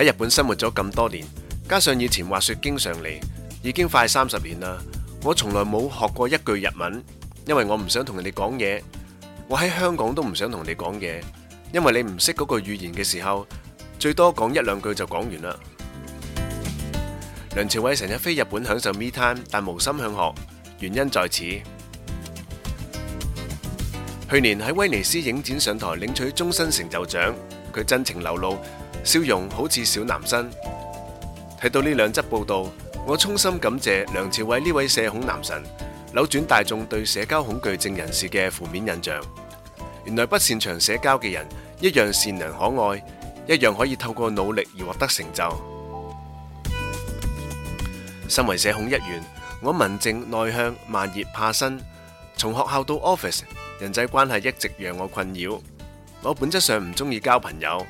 喺日本生活咗咁多年，加上以前滑雪經常嚟，已經快三十年啦。我從來冇學過一句日文，因為我唔想同人哋講嘢。我喺香港都唔想同你講嘢，因為你唔識嗰個語言嘅時候，最多講一兩句就講完啦。梁朝偉成日飛日本享受 me time，但無心向學，原因在此。去年喺威尼斯影展上台領取終身成就獎。佢真情流露，笑容好似小男生。睇到呢兩則報道，我衷心感謝梁朝偉呢位社恐男神，扭轉大眾對社交恐懼症人士嘅負面印象。原來不擅長社交嘅人，一樣善良可愛，一樣可以透過努力而獲得成就。身為社恐一員，我文靜內向、慢熱怕生，從學校到 Office，人際關係一直讓我困擾。我本質上唔中意交朋友，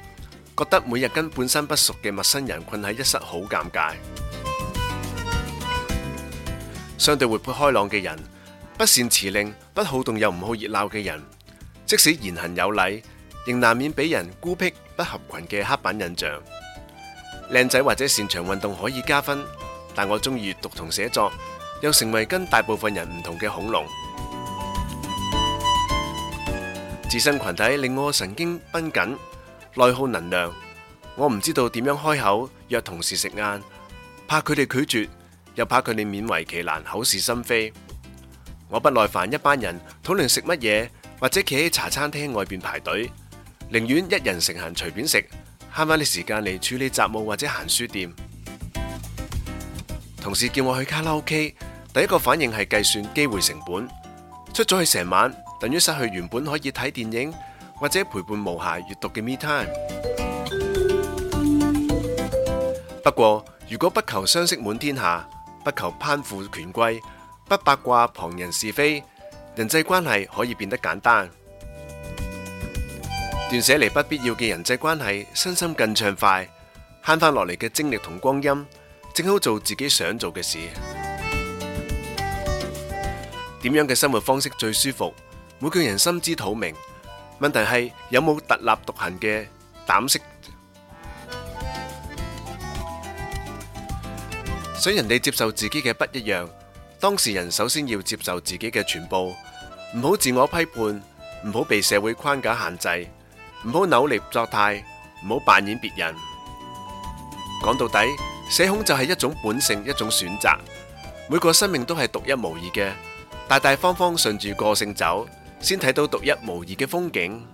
覺得每日跟半生不熟嘅陌生人困喺一室好尷尬。相對活潑開朗嘅人，不善辭令、不好動又唔好熱鬧嘅人，即使言行有禮，仍難免俾人孤僻不合群嘅刻版印象。靚仔或者擅長運動可以加分，但我中意閱讀同寫作，又成為跟大部分人唔同嘅恐龍。置身群體令我神經繃緊，內耗能量。我唔知道點樣開口約同事食晏，怕佢哋拒絕，又怕佢哋勉為其難，口是心非。我不耐煩一班人討論食乜嘢，或者企喺茶餐廳外邊排隊，寧願一人成行隨便食，慳翻啲時間嚟處理雜務或者行書店。同事叫我去卡拉 OK，第一個反應係計算機會成本，出咗去成晚。等於失去原本可以睇電影或者陪伴毛孩、閱讀嘅 me time。不過，如果不求相識滿天下，不求攀附權貴，不八卦旁人是非，人際關係可以變得簡單。斷捨離不必要嘅人際關係，身心更暢快，慳翻落嚟嘅精力同光陰，正好做自己想做嘅事。點樣嘅生活方式最舒服？每個人心知肚明，問題係有冇特立獨行嘅膽識，想人哋接受自己嘅不一樣。當事人首先要接受自己嘅全部，唔好自我批判，唔好被社會框架限制，唔好扭捏作態，唔好扮演別人。講到底，社恐就係一種本性，一種選擇。每個生命都係獨一無二嘅，大大方方順住個性走，先睇到獨一無二嘅風景。